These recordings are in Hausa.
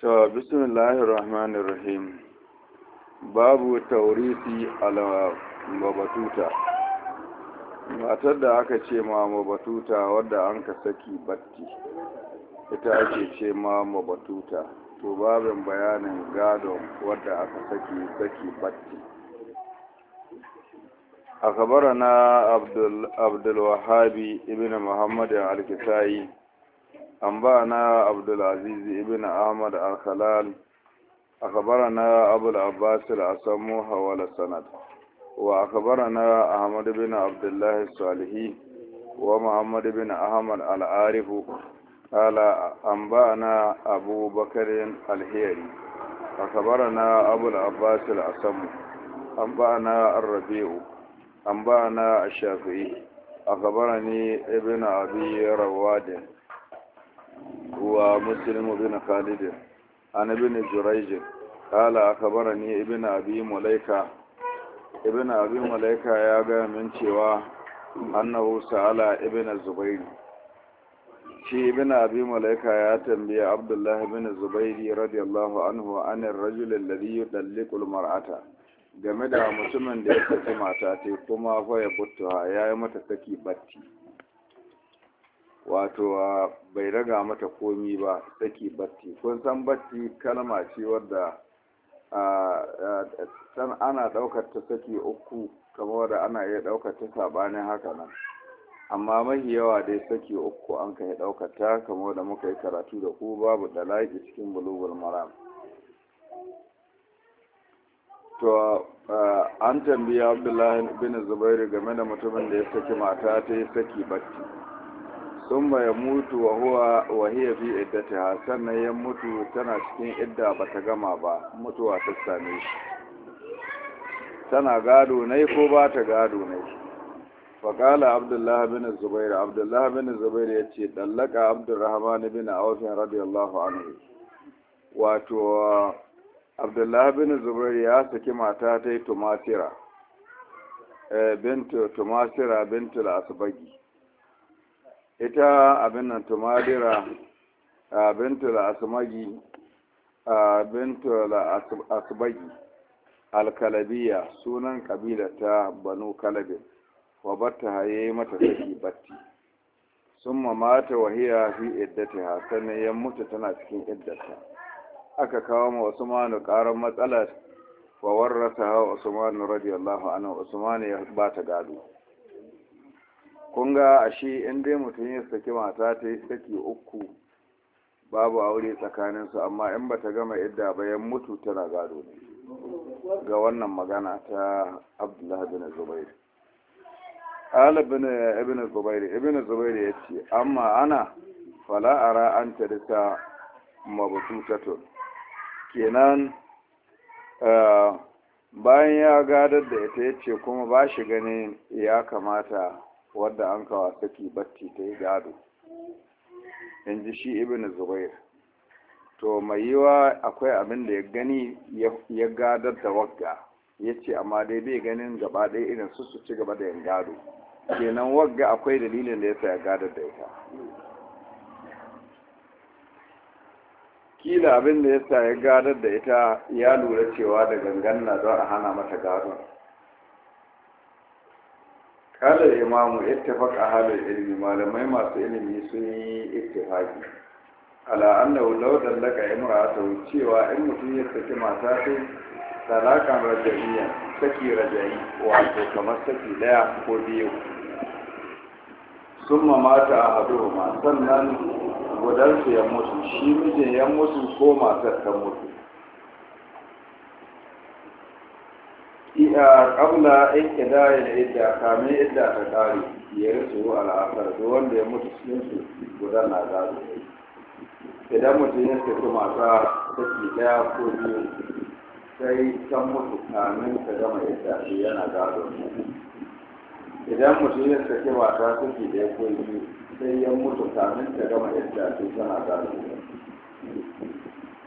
To, bismillahir rahmanir rahim. Babu taurisi ala mabatuta. Matar da aka ce ma mabatuta wadda an ka saki batti, ita ake ce ma mabatuta. To, babin bayanin gado wadda aka saki saki batti. أخبرنا na Wahabi, الوهاب ابن al الكسائي أنبأنا عبد العزيز بن أحمد الخلال أخبرنا أبو العباس الأسم حول السند وأخبرنا أحمد بن عبد الله الصالحي ومحمد بن أحمد العارف قال أنبأنا أبو بكر الهيري أخبرنا أبو العباس الأسم أنبأنا الربيع أنبأنا الشافعي أخبرني ابن أبي رواد Wa ومسلم بن خالد عن ابن جريج قال أخبرني ابن أبي مليكة ابن أبي ya يا من cewa annahu sa'ala ibn zubair shi ibn abi malaika ya tambaya abdullahi ibn zubairi radiyallahu anhu an ar-rajul alladhi yudalliqu al-mar'ata game da mutumin da ya saki mata ce kuma fa ya buttuha yayi mata saki batti wato bai raga mata komi ba saki batti kun san batti kalma ce wadda san ana daukar ta saki uku kamar wadda ana iya daukar ta sabanin haka nan amma mahi yawa dai saki uku an kai daukar ta kamar wadda muka yi karatu da ku babu dalaki cikin bulugul maram to an tambayi abdullahi bin zubairu game da mutumin da ya saki mata ta yi saki batti thumma ya mutu wa huwa wa hiya fi iddatiha sannan ya mutu tana cikin idda bata gama ba mutuwa ta same shi tana gado ne ko ba ta gado ne faƙala abdullahi bin zubairu abdullahi bin zubairu ya ce ɗallaka abdurrahman bin awf radiyallahu anhu wato abdullahi bin zubairu ya saki mata ta tumasira tumatira eh, bintu tumasira bintul asbagi ita abin nan tumadira bintul asmagi bintul asbagi alkalabiya sunan kabila ta banu kalabin wa batta haye mata saki batti summa mata wahiya fi ha sannan ya mutu tana cikin iddata aka kawo ma usmanu karan matsalar wa warrasa usmanu radiyallahu anhu usmanu ya bata gado Kunga ga ashe in dai mutum ya saki mata ta yi saki uku babu aure tsakaninsu amma in ba ta gama idda bayan mutu tana gado ne ga wannan magana ta abdullahi bin zubair ala bin ibn zubair ibn zubair ya ce amma ana fala ara an kenan bayan ya gadar da ita ya ce kuma ba shi ganin ya kamata wadda an kawa saki batti ta yi gado in ji shi ibn zubair to mai yiwa akwai abin da ya gani ya gadar da wagga ya ce amma dai bai ganin gaba ɗaya irin su su ci gaba da yin gado kenan wagga akwai dalilin da ya sa ya gadar da ita kila abin da ya sa ya gadar da ita ya lura cewa da gangan na don a hana mata gado kalar imamu ittifaq ahlul ilmi malamai masu ilimi sun yi ittifaqi ala annahu law dallaka imra'atu cewa in mutum ya saki mata sai talakan rajaiya saki raja'i wato kamar saki daya ko biyu summa mata ahaduhuma sannan gudansu ya mutu shi mijin ya mutu ko matar ta mutu a kabla in kida ya idda kamin idda ta kare ya rasu al'asar da wanda ya mutu cikin su guda na gado idan mutum ya saki mata saki daya ko biyu sai can mutu kamin ta gama idda shi yana gado idan mutum ya saki mata saki daya ko biyu sai ya mutu kamin ta gama idda shi yana gado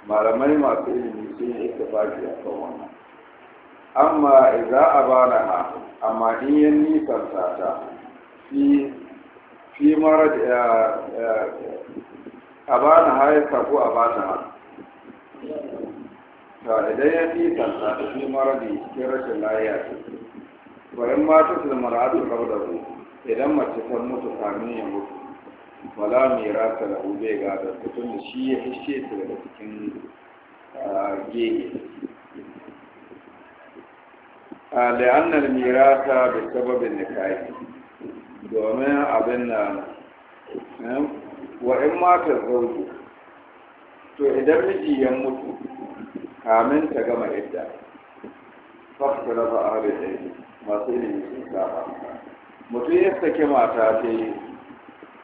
malamai masu ilimi sun yi ittifaki a kan wannan amma idza abanaha amma in ya nisanta ta fi fi mara da abanaha ya sabu ha ta idan ya nisanta ta fi mara da cikin rashin lafiya ce bayan mata su da mara'atu ku. idan mace ta mutu kamin ya mutu wala mira ta lahu bai gada ta tunda shi ya hishe ta daga cikin ah, gege la'annar mirata da sababin nikahi domin abin na wa in mata zauju to idan miji ya mutu kamin ta gama idda fasta raba abin da masu ilimi sun saba mutum ya sake mata ta yi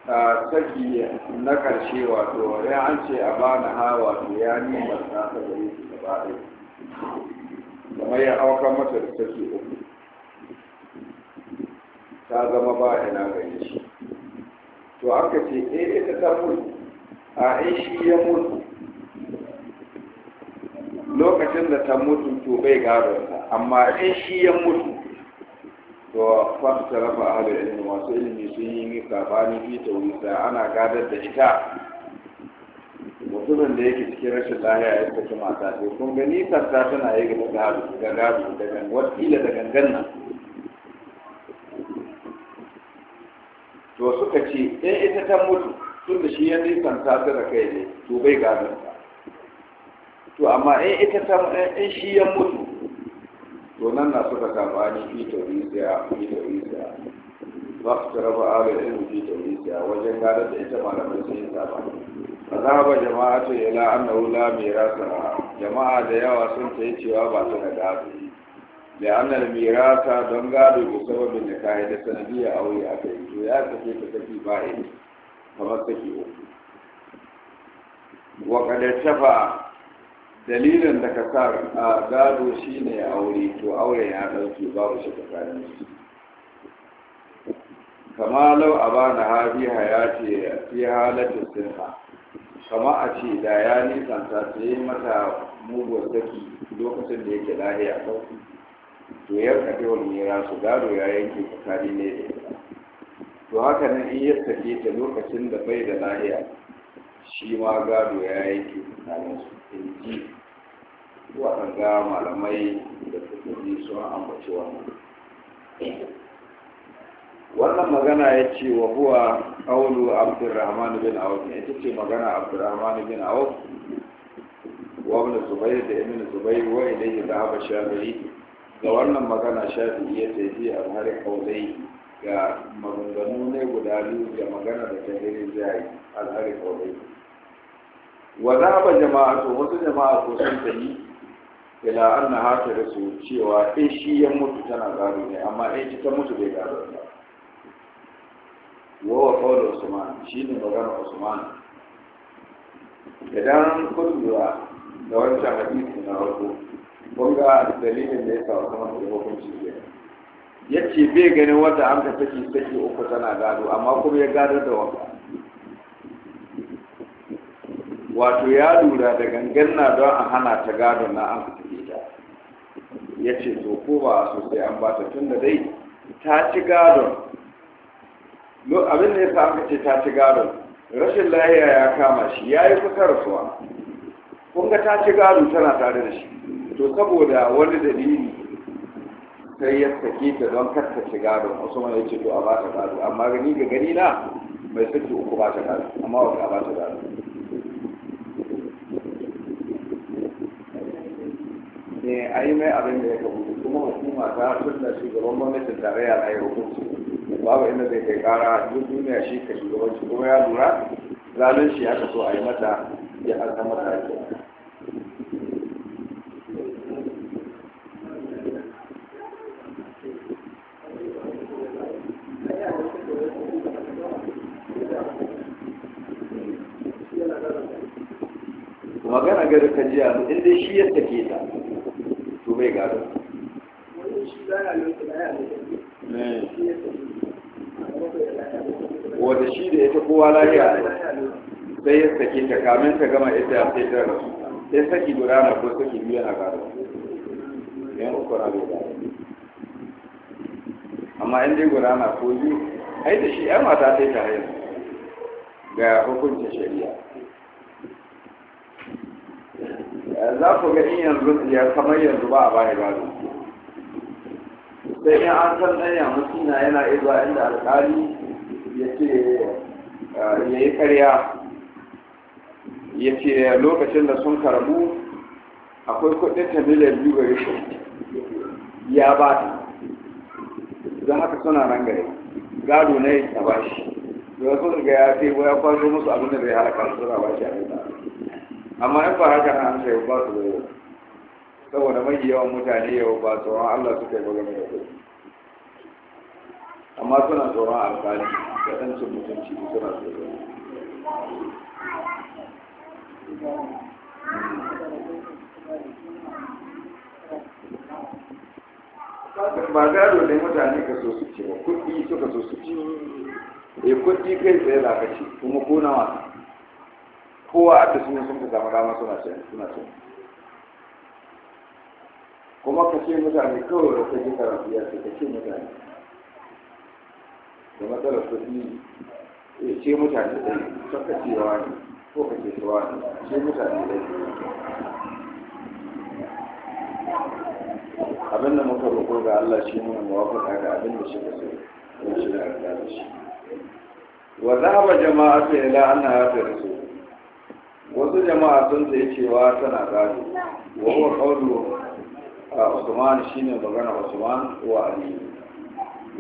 a saki na karshe wato ya an ce a bana ha wato ya nima ta ta gari su gaba ɗaya kamar ya auka mata da take uku ta zama ba ina gare shi to aka ce eh ita ta mutu a in eh, shi ya mutu lokacin da ta mutu to bai gado ta amma in eh, shi ya mutu to ta rafa ahalar ilmi masu ilimi sun yi ba ni fi wuta ana gadar da ita mutumin da yake cikin rashin lahiya ya saki mata ce kun gani sarta tana yi ga gado ga gado da gangan kila da gangan nan to suka ce in eh, ita ta mutu tun da shi ya nisan ta da kai ne to bai gado ta to amma in ita ta in shi ya mutu to nan na suka sabani fi tauri sai a fi sai ba su raba ala ilmi fi tawlisiya wajen gadar da ita malamai sun yi saba mazhaba jama'a ta ila annahu la mirasa jama'a da yawa sun ta yi cewa ba su da gado da annal mirasa don gado da sababin da kayi da a aure aka yi to ya tafi ka tafi ba ne kamar ke uku wa kadar shafa dalilin da ka sa gado shine aure to aure ya dauke babu shi tsakanin su kama lau a ba na hafi hayati fi halatin sinha kama a ce da ya nisanta ta yi mata muguwar saki lokacin da yake lahiya sauki to ya kafe wani ya su gado ya yanke tsakani ne da ita to haka nan in ya sake ta lokacin da bai da lahiya shi ma gado ya yanke tsakanin su in ji waɗanda malamai da suka ji sun ambaci wannan wannan magana ya ce wa huwa ƙaulu abdurrahman bin awf ita ce magana abdurrahman bin awf wa ibn zubair da ibn zubair wa ilayhi dhahaba shafi'i ga wannan magana shafi'i ya ce ji azhari qawlai ga maganganu ne guda biyu ga magana da ta hiri zai azhari qawlai wa dhahaba jama'atu wasu jama'a ko sun tafi ila anna hata rasu cewa in eh shi ya mutu tana gado ne amma eh in shi ta mutu bai gado ba wa kawai usman shi ne magana usman idan kun lura da wancan hadisi na farko kun ga dalilin da ya sa usman ya hukunci ya ce bai ganin wata an ka saki saki uku tana gado amma kuma ya gado da wanka wato ya lura da gangan na don a hana ta gado na an ka saki ta ya ce to ko ba sosai an ba ta tun da dai ta ci gado. abin da ya sa aka ce ta ci gado rashin lahiya ya kama shi ya yi kusa rasuwa kun ga ta ci gado tana tare da shi to saboda wani dalili sai ya sake ta don karta ci gado wasu ya ce to a ba ta gado amma gani ga gani na mai sirri uku ba ta gado amma wata ba ta gado ne eh, a yi mai abin da ya kabu kuma hukuma ta tunna shugaban gwamnatin tarayya a yi hukunci babu inda zai kai kara duk duniya shi ka shugabanci kuma ya lura shi aka so a yi mata ya an mata ake magana gari ka jiya in shi yadda ke ta to bai gado wanda shi da ita kowa lafiya sai ya sake ta kamin ta gama ita ya sai ta rasu sai saki guda na ko saki biyu na gado yan uku na bai gado amma in dai guda na ko biyu ai da shi yan mata sai ta haihu ga hukuncin shari'a za ku ga in yanzu ya kamar yanzu ba a bayan gado sai in an san ɗanya mutum na yana izuwa inda alƙali ya ah, ya yi karya ya ce lokacin da sun karbu akwai kudin ta miliyan biyu ga shi ya ba ta don haka suna nan gari gado na yi ta bashi da sun ga ya ce ya kwaso musu abin da bai halaka su suna bashi a nuna amma in fara haka na an sai ba su zai saboda mai yawan mutane yau ba tsoron allah suka yi ba da su amma suna tsoron alfani da ɗancin mutunci da suna tsoro ba gado mutane ka so su ce ba kuɗi suka so su ce eh, kuɗi kai tsaye za ka ce kuma ko nawa kowa a ta sun samu suna ce suna ce kuma ka ce mutane kawai da ta ji karatu ya ce ka ce mutane da matsalar kuɗi ya eh, ce mutane ɗaya saka cewa ne ko ka ce cewa ne ce mutane ɗaya abin da muka roƙo ga Allah shi muna muwafaka ga abin da shi ka sai shi da Allah da shi wa zahaba jama'a sai ila annaha ta su. wasu jama'a sun sai cewa tana gado wa huwa qawlu ah, Usman shine magana Usman wa Ali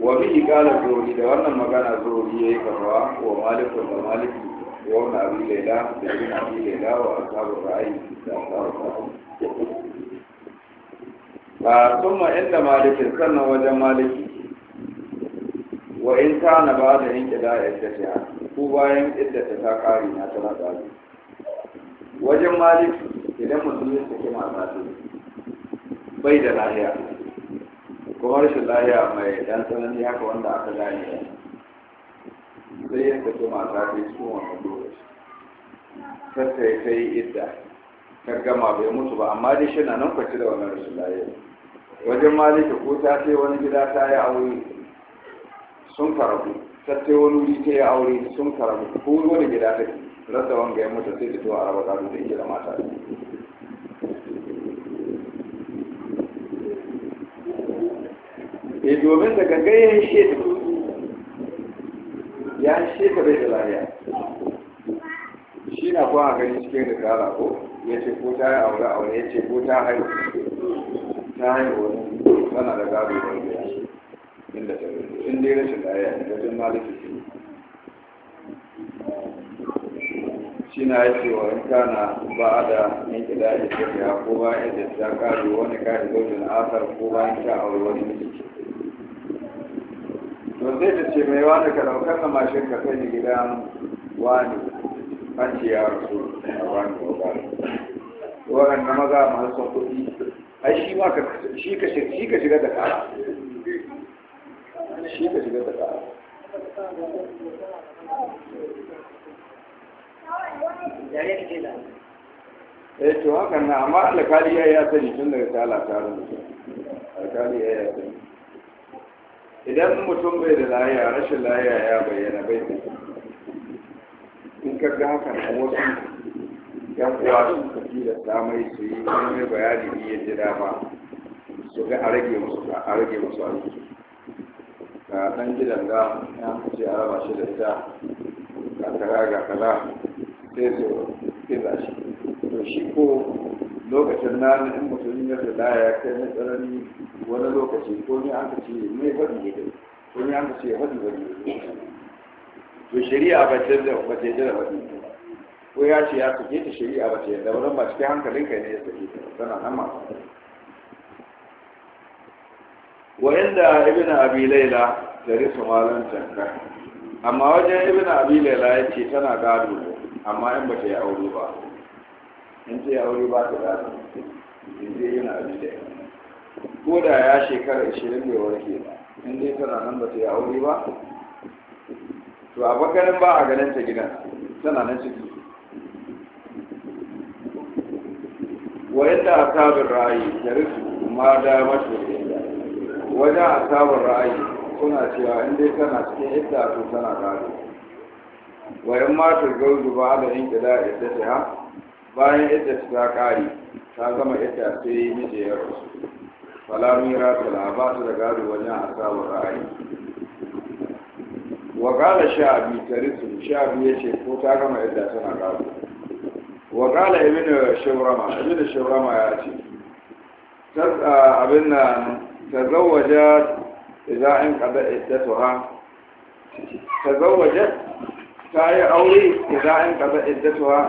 wa bihi qala zuhri da wannan magana zuhri yayi karwa wa malikun da maliki wa na bi layla da ibn abi layla wa ashabu ra'i da ashabu ba kuma ah, inda malikin sannan wajen maliki wa in na ba da yanke da ya tafiya ko bayan idda ta ta kare na ta rada wajen maliki idan musulmi suke masu bai da lahiya kuma rashin lahiya mai dan tsanani haka wanda aka gane sai ya tafi mata ta yi tsohon lokaci sassa ya ta yi idda ta gama bai mutu ba amma dai shi na nan kwaci da wannan rashin lahiya wajen malika ko ta sai wani gida ta yi aure sun karabu ta sai wani wuri ta yi aure sun karabu ko wani gida ta rasa wanga ya mutu sai da tuwa araba ta da ita da mata domin daga gayen shi ya shi ka bai da lariya shi na kuwa a gani cikin da kara ko ya ce ko ta yi aure aure ya ce ko ta haihu ta haihu wani tana da gado da ya inda ta rufe inda ya rashin lahiya ne wajen maliki shi shi na ya ce wa in kana ba a da yanki da ya ce ko bayan yadda ta kare wani kare zaujin asar ko ba ya ta aure wani mutum to sai ta ce mai wani ka daukar da mashin ka kai gidan wani an ce ya rasu a wani Wannan na maza masu kuɗi ai shi ma ka shi ka shiga da kara shi ka shiga da kara eh to hakan na amma alkali ya yi sani tun daga tala tarin alkali ya yi sani idan mutum bai da lahiya rashin lahiya ya bayyana bai da in ka ga haka na wasu yan uwa sun kafi da samai su yi wani bayani ne ya ji dama su ga a rage musu a rage musu aiki ga dan gidan ga ya ce a raba shi da ita ga kaza ga kaza sai su kiza shi to shi ko lokacin nan in mutum ya da ya kai na tsanani wani lokaci ko ni an ce ne faɗi ne dai ko ni an ce faɗi ba ne to shari'a ba ce da ba ce da faɗi ko ya ce ya sake ta shari'a ba ce da wannan ba cikin hankalin kai ne ya sake ta tana nan ma wa inda ibnu abi laila tarisu malan tanka amma wajen ibnu abi laila yace tana gado amma in ba ta yi aure ba in ta yi aure ba ta gado in zai yana abi laila ko da ya shekara ishirin ne warke in dai tana nan ba ta yi aure ba to a bakanin ba a ganin ta gidan tana nan ciki wayan da asabin ra'ayi da rufu ma da mace wajen asabin ra'ayi suna cewa in dai tana cikin yadda to tana gado wayan matar gauzu ba da yin gida yadda ta bayan yadda ta kare ta zama yadda sai miji ya rasu falami ratala ba su da gado wajen asabar ra'ayi wa kala sha'abi tarisun sha'abi ya ce ko ta gama yadda tana gado wa kala ibn shawrama ibn shawrama ya ce abin nan ta tazawwaja idan in kada iddatuha tazawwaja ta yi aure idan in kada iddatuha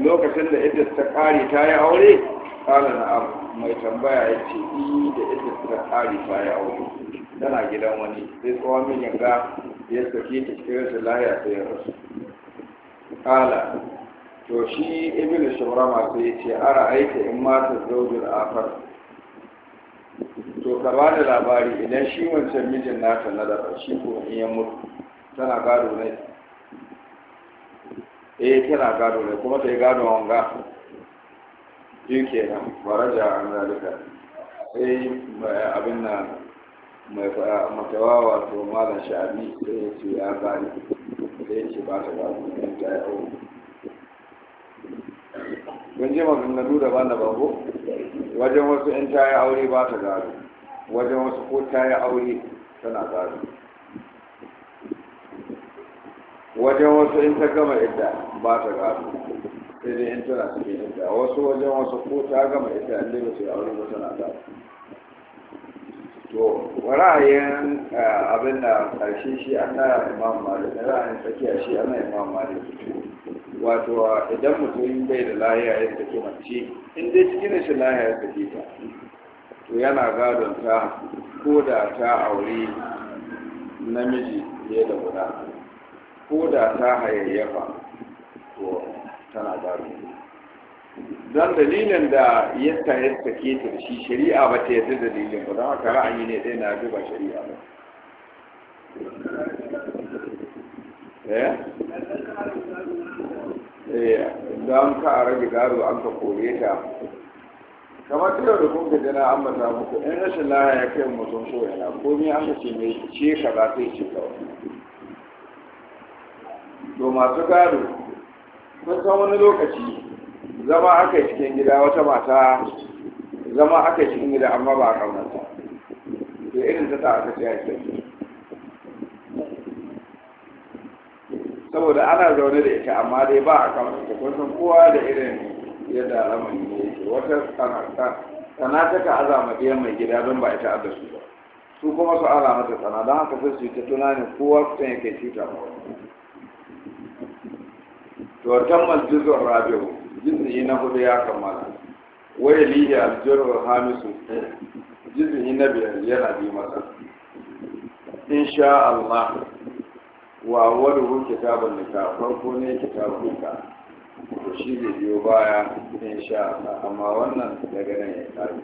lokacin da ita ta kare ta yi aure kala na abu mai tambaya ya ce yi eh, da ita suka tsari baya aure tana gidan wani sai tsohon mijin ga ya tafi ta cikin rashin lahiya sai ya rasu kala to shi ibn shawarama sai ya ce ara aika in mata zaujin afar to ka ba da labari idan shi wancan mijin nata na da shi ko in ya mutu tana gado ne eh tana gado ne kuma ta yi gado wanga biyu kenan faraja an zalika sai abin na mai matawa wato malam sha'ani sai ya ce ya bani sai ya ce ba ta ba ta yi hau mun je maganganu ba na bango? wajen wasu in ta yi aure ba ta gado wajen wasu ko ta yi aure tana gado wajen wasu in ta gama idda ba ta gado sai dai in tana suke idda wasu wajen wasu ko ta gama ita inda ba su yi aure ba tana da to ra'ayin abin da ƙarshe shi an na imam malik ra'ayin tsakiya shi an na imam malik wato idan mutum bai da lahiya ya sake mace in dai cikin shi lahiya ya sake ta to yana gadon ta ko da ta aure namiji fiye da guda ko da ta hayayyafa to tana jarin don dalilin da ya tare ke ta shi shari'a ba ta yadda dalilin ba don haka ra'ayi ne ɗaya na zuba ba shari'a ba eh? Eh, don ka a rage gado an ka kore ta kamar tuna da kun ka jana an ta muku in rashin laha ya kai mutum so yana komai an ka ce mai ce ka za ta yi ce kawai to masu garu. sun san wani lokaci zama aka cikin gida wata mata zama aka cikin gida amma ba a kaunarta da irin ta ta aka ce ake saboda ana zaune da ita amma dai ba a kaunarta kuma san kowa da irin yadda alamari ne yake wata tana ta ka azama biyan mai gida don ba ita adda su ba su kuma su ala mata tsana don haka fi su yi ta tunanin kowa kusan yake cuta ma wani to tammal juzur rabi'u juz'i na hudu ya kammala waya liya aljurur hamisu juz'i na biyar yana bi masa insha Allah wa awwaluhu kitabun nika farko ne kitabun nikah shi zai biyo baya in sha amma wannan daga nan ya tafi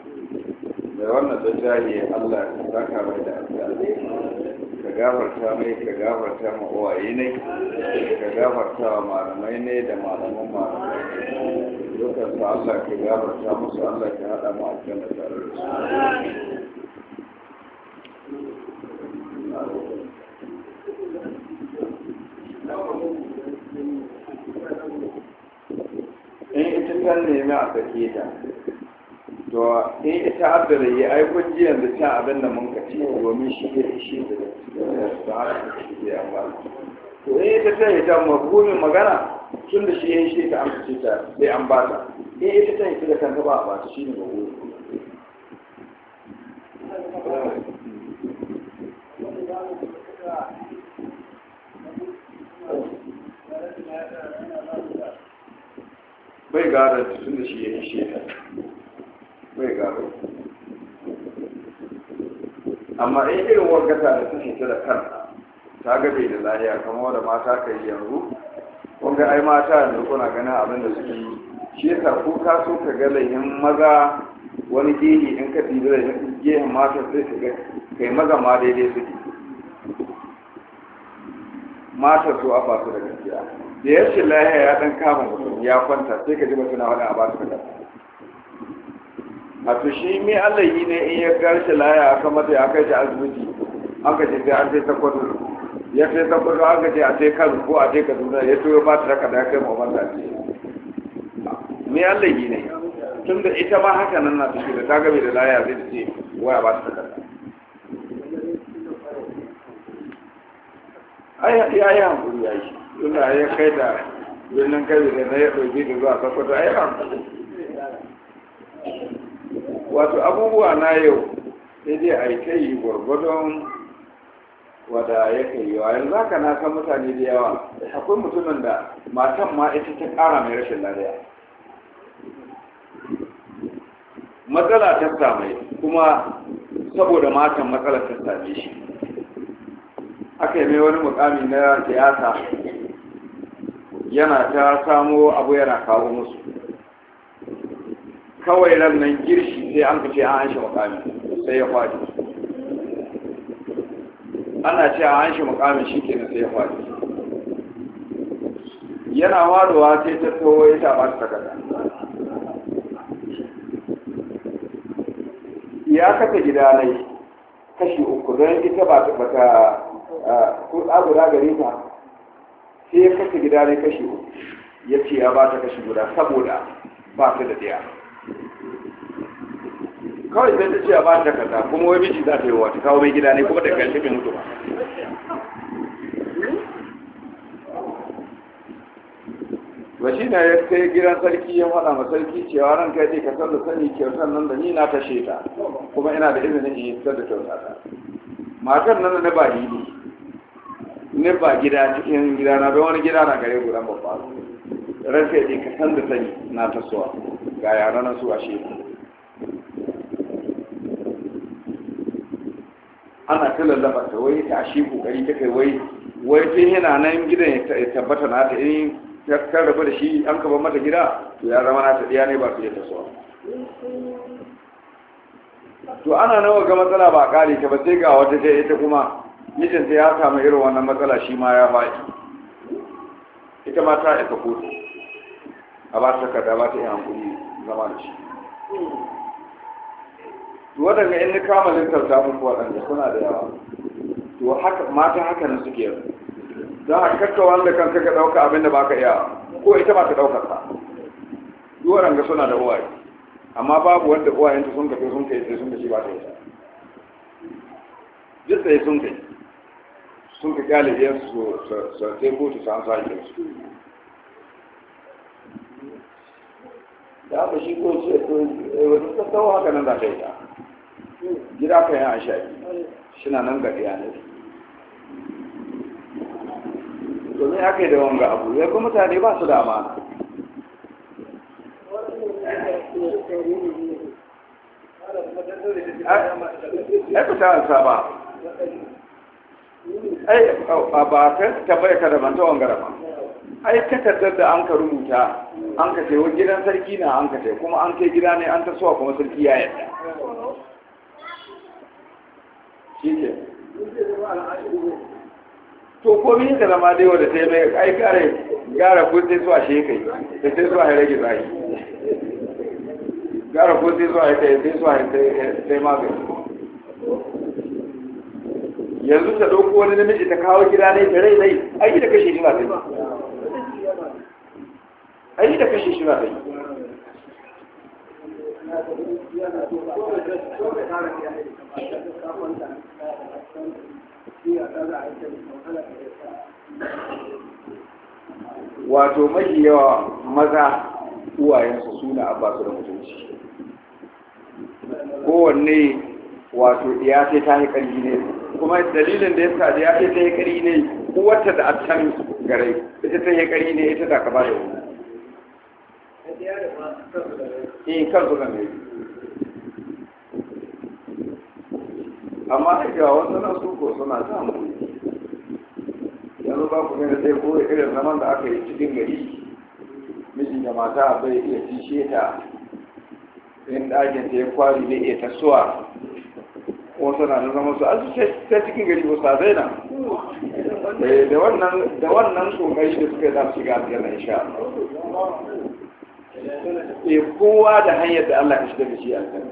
da wannan don jaye Allah ya saka mai da alƙalai ka gafarta mai ka gafarta ma uwaye ne ka gafarta wa malamai ne da malaman malamai dukkan su Allah ka gafarta musu Allah ka haɗa mu a tare da su kan nemi a sake ta to in ita abda da yi ai kun ji yanzu cin abin da mun kaci domin shi ne shi da ta haka shi da amma to in ita ta yi ta magumin magana tun da shi ya shi ta amsa ta bai an ba ta in ita ta yi da kanta ba ba ta shi ne magumin Thank you. bai gara tun da shi ya ishe shi bai gara amma in irin wargata da ta fita da kanta ta gabe da lahiya kamar da mata ka yi yanzu wanda ai mata yanzu kuna ganin abin da suke yi shi ya ko ka so ka ga laihin maza wani gehe in ka dibi da gehen mata sai ka ga kai maza ma daidai suke mata su a fasu da gaskiya da ya ce lahiya ya dan kama mutum ya kwanta sai ka ji mutum na wani a basu kada a to shi mai allah yi ne in ya garshe lahiya aka mata ya kai shi asibiti an ka ce sai an sai ta kwado ya sai ta kwado an ka ce a sai kan ko a sai ka zuna ya toyo ba ta raka da kai mamman da ce mai allah yi ne tun da ita ma haka nan na tafi da ta gabe da lahiya zai ce waya ba su kada ai ya yi hankuri ya yi suna ya kai da birnin kai da na ya ɗauki da zuwa sakwato a yi wato abubuwa na yau sai dai a yi ta yi gwargwadon wada ya kai yawa yanzu haka na san mutane da yawa akwai mutumin da matan ma ita ta ƙara mai rashin lafiya matsala ta same kuma saboda matan matsala ta same shi aka yi mai wani mukami na siyasa yana ta samo abu yana kawo musu kawai ran nan girshi sai an fice an hanshi mukami sai ya faɗi ana ce an hanshi mukami shi kenan sai ya faɗi yana waduwa sai ta tsoho ya taɓa ta takarda ya kasa gida nai kashi uku don ita ba ta guda gare ta sai ya kasa gida ne kashi uku ya ce ya ba ta kashi guda saboda ba ta da ɗaya kawai sai ta ce ya ba ta kaza kuma wai miji za ta yi wata kawo mai gida ne kuma da ƙarshe mutu ba ba shi na ya kai gidan sarki ya faɗa ma sarki cewa ran kai ne ka san da sani kyautar nan da ni na tashe ta kuma ina da izinin in yi da kyautar ta matar nan da na ba ne ne ba gida cikin gida na bai wani gida na gare guda babba ranka ya ka san da sani na tasowa ga yara na su ashe ana ta lallaba ta wai ta shi kokari ta kai wai wai tun yana nan gidan ya tabbata na ta yi ta da shi an kaba mata gida to ya zama na ta ɗiya ne ba su ya tasowa to ana nawa ga matsala ba kare ta ba sai ga wata ta ita kuma Mijin sai ya samu irin wannan matsala shi ma ya faɗi ita ma ta isa kotu a ba ta kada ba ta yi hankuli zama da shi to waɗanda in ni kama lintarta muku waɗanda suna da yawa to haka mata haka ne suke yanzu za a kakka wanda kan kaka ɗauka abin da baka iya ko ita ba ta ɗaukar sa duk ga suna da uwaye amma babu wanda uwayenta sun kafe sun kai sai sun kashe ba ta yi duk sai sun kai sun ka galibiyar su sarfe kotu su an sake su da haka shi ko ce to eh, wani tattawa haka nan da ta yi ta gida kan yi a yi shi na nan ga ne. domin haka yi da wanga abu ya kuma mutane ba su da amana ai ku ta ba ai ba ta tambaya ka da ta wangara ba ai takardar da an ka rubuta an ka ce wani gidan sarki na an ka ce kuma an kai gida ne an ta suwa kuma sarki ya yadda shi ke to komi ka zama dai wadda sai mai ai kare gara ko sai zuwa shi kai da sai zuwa ya rage zai gara ko sai zuwa ya kai sai zuwa ya kai sai magani yanzu ta ɗauko wani namiji ta kawo gida ne da rai rai ai da kashe shi na ta yi ai da kashe shi na ta yi wato mafi yawa maza uwayensu suna a basu da mutunci kowanne wato iya sai ta yi ƙarfi ne kuma dalilin da ya sa ya ita ya kari ne uwarta da attan gare ita ta ya kari ne ita ta kaba da wani in eh, kan zuwa ne amma da wasu na su ko suna samu yanzu ba ku gani zai koya irin zaman da aka yi cikin gari mijin da mata bai iya tishe ta in ɗakin ta ya kwari ne iya tasowa wasu na zama su azu sai cikin gari wasu a zaina eh, da wannan da wannan kokari da suka za su shiga aljanna insha Allah e kowa da hanyar da Allah ya shiga da shi aljanna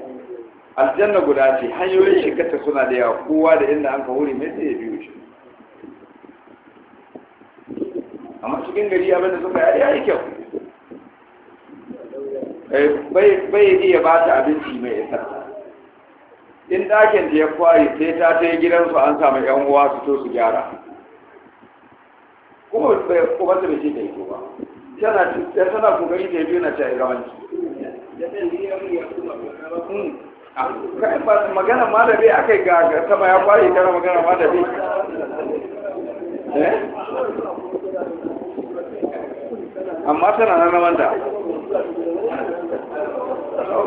aljanna guda ce hanyoyin shigarta suna da yawa kowa da inda an ka wuri mai sai ya biyo shi amma cikin gari abinda suka yi ya yi kyau eh, bai iya ba ta abinci mai isa in ɗakin da ya kwari sai ta ta yi gidansu an samu yan uwa su to su gyara kuma kuma bai ce ta yi to ba tana tana yi ta yi biyu na ta yi rawanci magana ma da bai akai ga sama ya kwari tana magana ma da bai eh? amma tana nan wanda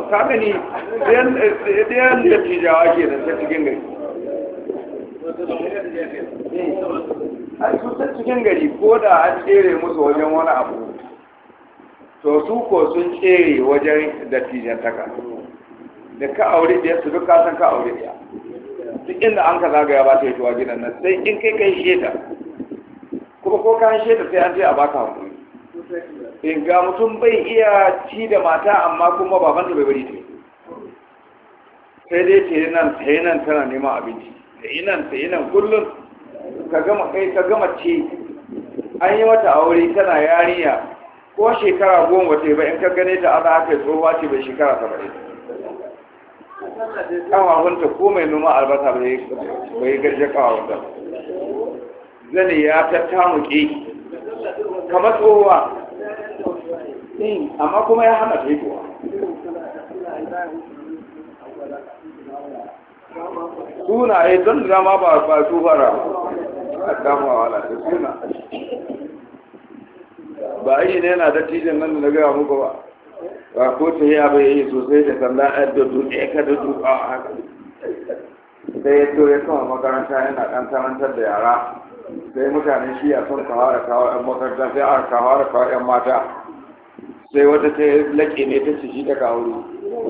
ka ɗayan da tijawa ke da ta cikin gari a su ta cikin gari ko da an tsere musu wajen wani abu to su ko sun tsere wajen da tijantaka da ka aure ɗaya su duk kasan ka aure ɗaya duk inda an ka zagaya ba ta yi tuwa gidan nan sai in kai kai sheta kuma ko ka sheta sai an ce a baka hankali Eh, ga mutum bai iya ci da mata amma kuma babanta bai bari ta sai dai ce nan sai nan tana neman abinci sai nan sai nan kullum ka gama kai ka gama ce an yi mata aure tana yarinya ko shekara goma yi ba in ka gane ta ana haka tsohuwa ce bai shekara saba'in kawawunta ko mai noma albasa bai garje kawawunta zane ya tattamuke kamar tsohuwa Eh, amma kuma ya hana ta haihuwa sunaye don da ma ba ba su fara a damuwa wala da suna ba yi ne yana dattijan nan da na gaya muku ba ba ko ta yi abai yi sosai da sanda ɗan da duɗe eh, ka da duka a haka sai ya ya kama makaranta yana ɗan karantar da yara sai mutane shi a sun kawara kawar 'yan makaranta sai a kawara kawar 'yan mata sai wata ta laƙe ne ta ci shi ta kawo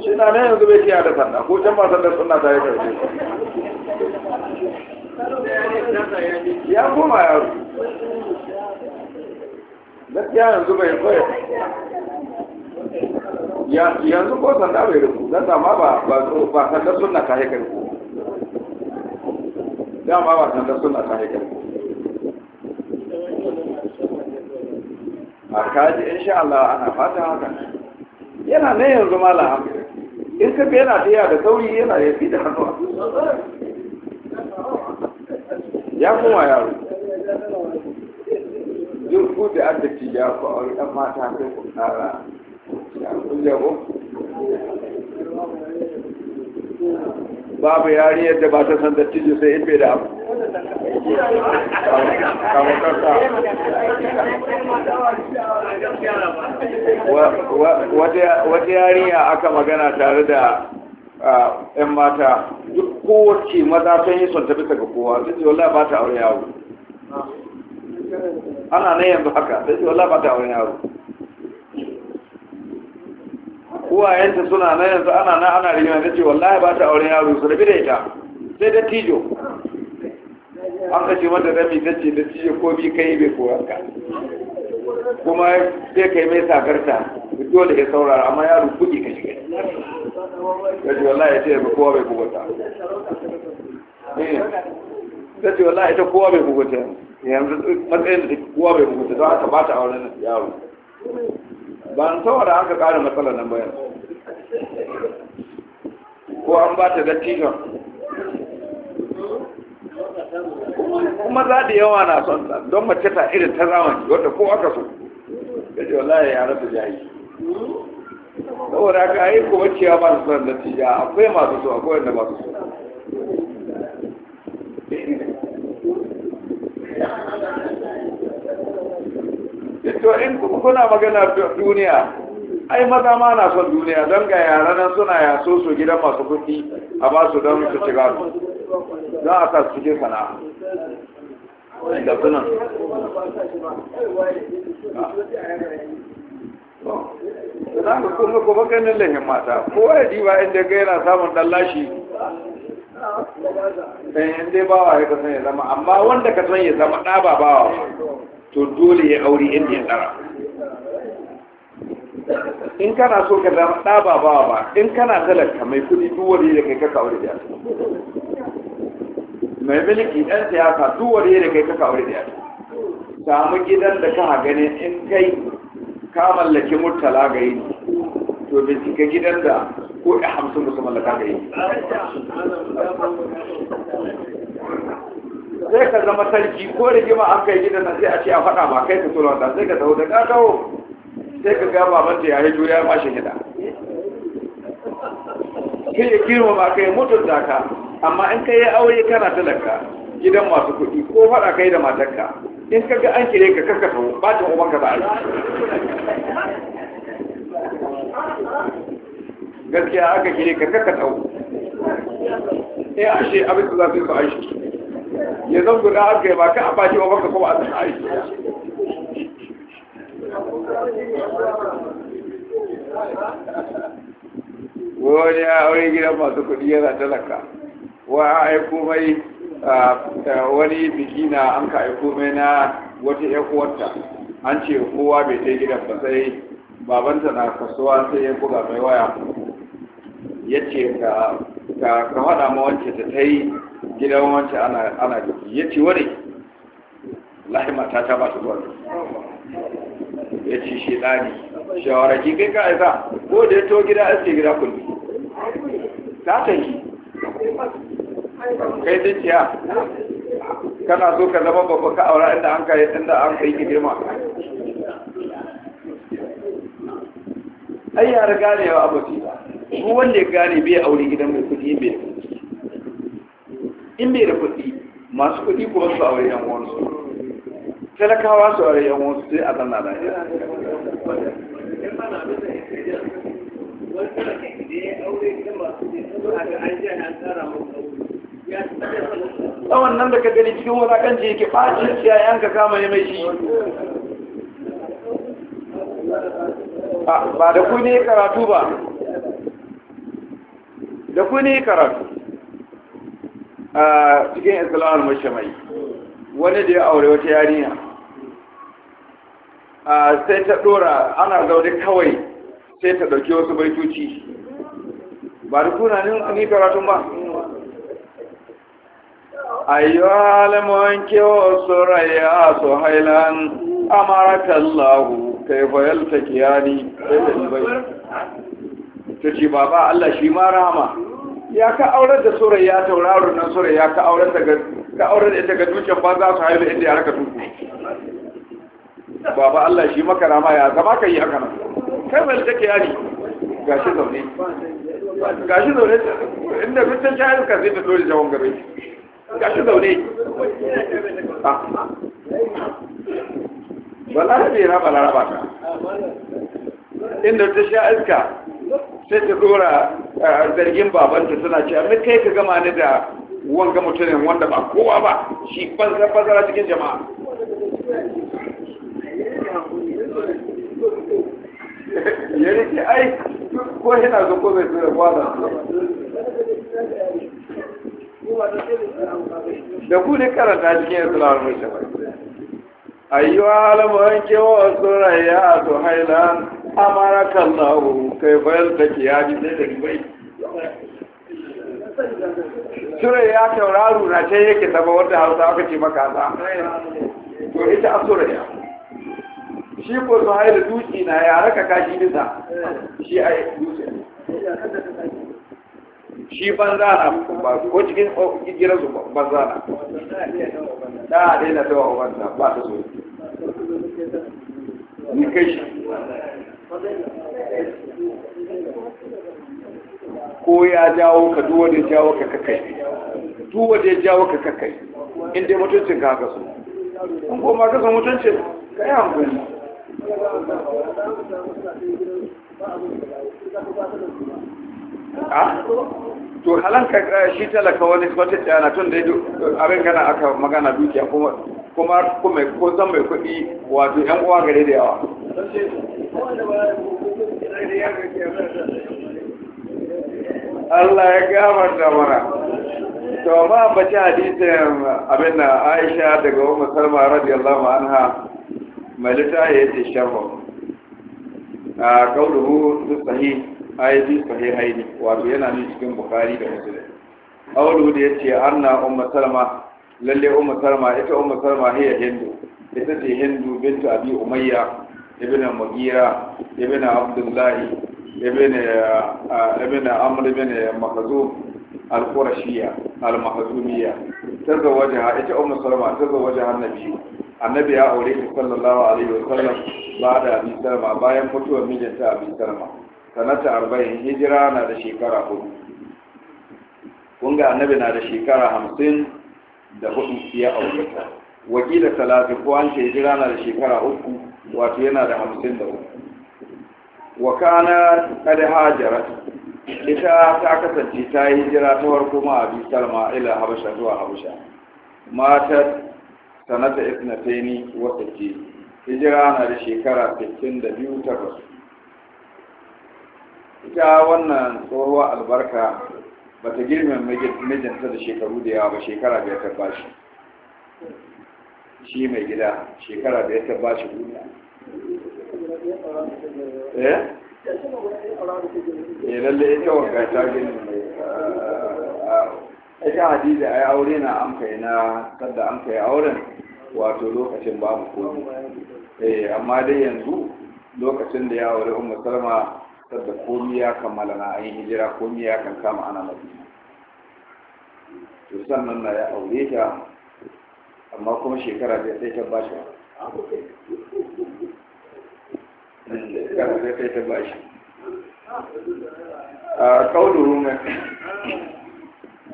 shi na nan yanzu bai kiyar da sanda ko can ba da suna ta yi karshe ya koma yaro gaskiya yanzu bai koya yanzu ko sanda bai rufu don dama ba ba sanda suna ta yi karshe dama ba sanda suna ta yi ku. kaji insha Allah ana fata haka yana nan yanzu mala in ka ga yana tiya da sauri yana fi da hannuwa ya kuma yaro duk ku da addaki ya ku a dan mata sai ku tsara ya kun ku babu yari yadda ba ta san dattijo sai in da abu wata yariya aka magana tare da yan mata duk kowace maza sun yi son tafi daga kowa sai ce wallah ba ta aure yawo ana nan yanzu haka sai ce wallah ba ta aure yawo uwayenta suna nan yanzu ana nan ana rigima ta ce wallah ba ta aure yaro su rabi da ita sai da tijo an kashe mata rami ta ce da ciye ko bi kai bai ka kuma sai kai mai sakarta dole ya saurara amma ya kuɗi ka kai ya ce wallahi ya ce ya kowa bai kubuta eh, ta ce wallahi ce kowa bai kubuta yanzu matsayin da kowa bai kubuta don haka ba ta auren yaro ba an saurara aka ƙara matsalar nan bayan ko an ba ta dattijon kuma za da yawa na son ta don mace ta irin ta zamani wadda ko aka so ya ce wallahi ya rasa jayi saboda haka yi kuma cewa su son da akwai masu so akwai wanda masu so to in kuna magana duniya ai maza ma na son duniya don ga yara nan suna yaso su gidan masu kuɗi a ba su don su shiga su za a sa su je sana'a da suna za ku kuma kuma ganin lahin mata kowa ya diba inda ga yana samun dan lashi eh, dai bawa ya kasan ya zama amma wanda ka san ya zama ɗa ba bawa to dole ya aure inda ya tsara in kana so ka zama ɗa ba bawa ba in kana talaka mai kuɗi duk wani da kai ka aure da mai miliki ɗan siyasa duk wani da kai kaka wuri da samu gidan da ka ganin in kai ka mallaki murtala ga yi to bincika gidan da ko ya hamsin musu mallaka ga yi sai ka zama sarki ko rigima an kai gidan nan sai a ce a faɗa ma kai ka tura wanda sai ka taho da ka sai ka gaba baban ta yi juriya ya shi gida kai ya kirma ma kai mutunta ka amma in ka yi aure kana talaka gidan masu kuɗi ko faɗa kai da matarka in ka ga an kire ka karkata bacin uban ka ba'a gaskiya aka kire ka karkata in eh, ashe abin da za su yi ba aishi ya zan guda aka yi ba ka a bacin uban ka kuma a san aishi wani ya aure gidan masu kuɗi yana talaka wa aiko mai wani biki na an ka aiko mai na wata ya an ce kowa bai ta gidan ba sai babanta na kasuwa sai ya buga mai waya ya ce ka ka hada ma wance ta ta yi gidan wance ana biki ya ce wani lahima ta ta ba su zuwa ya ce shi ɗani shawara ki kai ka aika ko da ya to gida aske gida kulli ta ta yi kai dai ciya kana so ka zama babba ka aura inda an kai inda an kai girma ai ya riga ne wa ci ko wanda ya gane bai aure gidan mai kudi bai in bai da kudi masu kudi kuma su aure yan uwansu talakawa su aure yan uwansu sai a zanna da ya wani tsawon nan da ka gani cikin wulakanci yake fashin siya yan ka kama ya mai shi ba da ku ne karatu ba da ku ne karatu a cikin islam al-mashamai wani da ya aure wata a sai ta dora ana zaune kawai sai ta dauki wasu baitoci ba da kuna ne karatun ba أيها المنكي والسرياء سهيلا أمرك الله كيف يلتقياني bai? البيت تجي Baba Allah shi ma rama. ya ka aure da surayya tauraron nan surayya ka aurar da ka aure da ita ga dukkan ba za su haihu inda ya raka tuku baba Allah shi maka rama ya zama ka yi haka nan kai mai take yani gashi zaune gashi zaune inda mutum ta haihu ka zai ta dole jawon gare shi ga shi zaune wallahi bai raba laraba ka. inda ta sha iska sai ta dora eh, zargin babanta suna ce amma kai ka gama ni da wanga mutumin wanda ba kowa ba shi banzan bazara cikin jama'a ya rike ai ko yana zo ko bai tura kwanan da ku ne karanta cikin A yi ayyuwa alamun kewa a tsoraya a zuhaila amara kallahu kai bayan da ke kiyami sai da dubai ya tauraru na ce yake taba wanda hausa aka ce makasa to ita a ya. shi ko su haida dutse na ya raka kashi nisa shi a dutse shi banza na ba ko cikin ƙirƙirar su banza na da ta na wa wanda ba ta so ni kai shi ko ya jawo ka duwa da jawo ka kakai duwa da jawo ka kakai inda mutuncin ka haka so in ko ka kasa mutuncin ka yi hankali ba to halanka eh, shi talaka wani ta tsayana tun da abin gana aka magana dukiya kuma kuma ko san mai kuɗi wato yan uwa gare da yawa Allah ya gamar da mara to ma bace hadisin abin da Aisha daga Ummu Salma radiyallahu anha mai ya ta shafa a ah, kauluhu sahih ayyuzi haini wato yana ne cikin bukari da muslim awlu da yace na umma salma lalle umma salma ita umma salma hiya hindu ita ce hindu bintu abi umayya ibn mugira ibn abdullahi ibn ah, ibn amr ibn makhzum al-qurashiyya al-makhzumiyya tazawajaha ita umma salma tazawajaha annabi annabi ya aure shi sallallahu alaihi wasallam ba da abi salma bayan mutuwar mijinta abi salma sanata arba'in hijira na da shekara hudu kun annabi na da shekara hamsin da hudu ya aukata, wakila talatin ko an ce hijira na da shekara uku wato yana da hamsin da uku Wakana kana kad hajara ita ta kasance ta yi hijira ta farko ma abi salma ila habasha zuwa habasha matar sanata ibnataini wa ce, hijira na da shekara 62 ta rasu ita wannan tsohuwa albarka ba ta girman mijinta da shekaru da yawa ba shekara da ya taba shi Shi mai gida shekara da ya taba shi duniya eh eh lalle ita wanka ta gini mai ah, ah, ah, ita hadiza yi aure na amka na sadda amka yi auren wato lokacin babu komi eh amma dai yanzu lokacin da ya aure umar salama da komi ya kammala na an yi hijira komi ya kan kama ana madina to sannan na ya aure ta amma kuma shekara da sai ta ba shi da sai ta ba shi a kauluru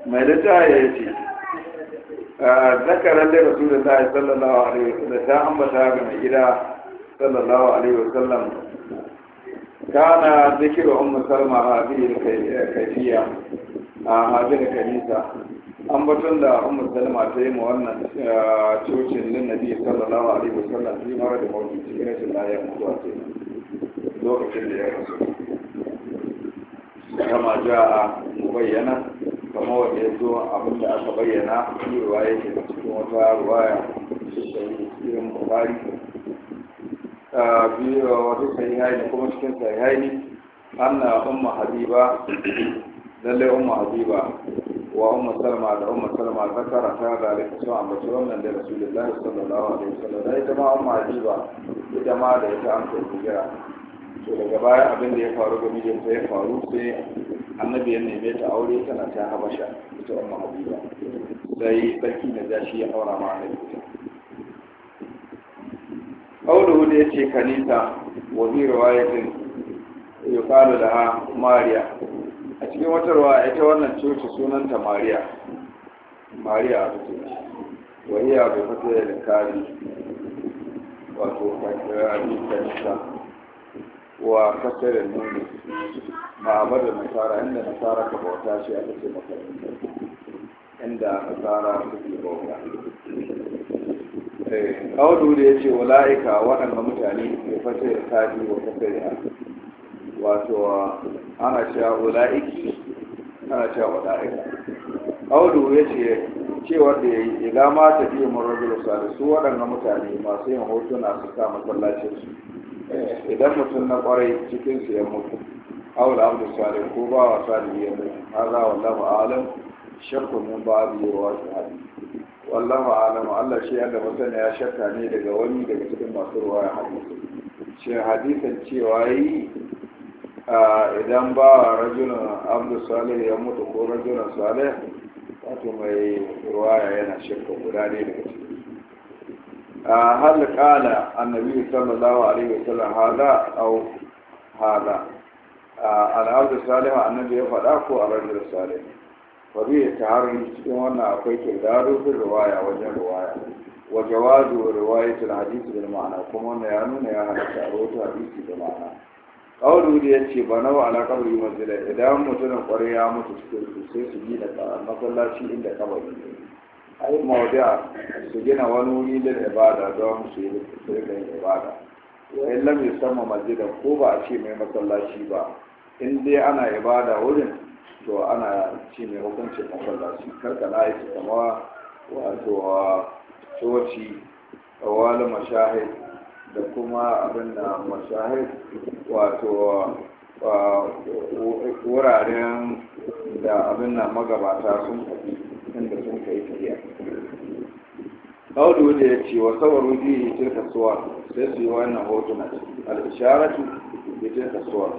mai da ta ya ce zakarar da rasu da ta sallallahu alaihi wasallam ta ambata ga mai gida sallallahu alaihi wasallam kana zikiru ummu salma hadhihi kayfiya a hadhihi kanisa an batun da ummu salma ta yi mu wannan cocin lin nabi sallallahu alaihi wasallam shi mara da mawdu cikin rashin lafiya mutuwa ce lokacin da ya rasu kama ja'a mubayyana kama wanda ya zo aka bayyana shi ruwaya ke cikin wata ruwaya cikin bukari biyu wato sahihaini kuma cikin sahihaini anna umma habiba lalle umma habiba wa umma salma da umma salma zakara ta zalika sun ambaci wannan da rasulullahi sallallahu alaihi wasallam da ita ma umma habiba ita ma da ita an kai hijira to daga baya abin da ya faru ga mijinta ya faru sai annabi ya neme ta aure tana ta habasha ita umma habiba sai sarki na jashi ya aura ma annabi ƙaunuhu da ya ce kanisa wabi riwayatin ya kalu da ha mariya a cikin wata ruwa ita wannan coci sunanta mariya mariya a fito wahiya bai fata da kari wato kakirari kanisa wa kasirin nuni ma'amar da nasara inda nasara ka bauta shi aka ce makarantar inda nasara suke bauta kawo eh, da ya ce wa la'ika waɗanda mutane ke fata da sadi wa kasariya wato ana cewa wa la'iki ana cewa wa la'ika kawo ya ce cewar da ya yi idan ma ta fiye mun rajulu sadi su waɗanda mutane masu yin hotuna su sa masallacin su eh, idan mutum na kwarai cikin su ya mutu awul abdu salih ko ba wa sadi ya mutu haza wallahu alam shakku ba ba'd yawa hadisi wallahu alamu Allah shi ya da masana ya shakka ne daga wani daga cikin masu ruwa ya hadisi shi hadisan cewa yi idan ba rajulun abdu salih ya mutu ko rajulun salih wato mai ruwaya yana shakka guda ne daga ciki hal qala annabi sallallahu alaihi wasallam hada au hada al abdu salih annabi ya faɗa ko a rajulun salih fadiyar taharin cikin wannan akwai ke kirdarufin ruwaya wajen ruwaya wa jawazu riwayatul hadisi bil ma'ana kuma wanda ya nuna ya taro ta hadisi da ma'ana kawo da ya ce ba nawa ala kabari manzila idan mutumin kwarai ya mutu cikin su sai su yi gina masallaci inda kabari ne ai mawada su gina wani wuri da ibada don su yi sirrin ibada wa in lam yusamma masjidan ko ba a ce mai masallaci ba in dai ana ibada wurin to ana ce mai hukuncin masallaci karka na yi kama wato a coci wani mashahid da kuma abin da mashahid wato wuraren da abin na magabata sun faɗi inda sun kai tafiya audu da ya ce wa sauraro biyu tilka suwa sai su yi wannan hotuna al-isharatu bi tilka suwa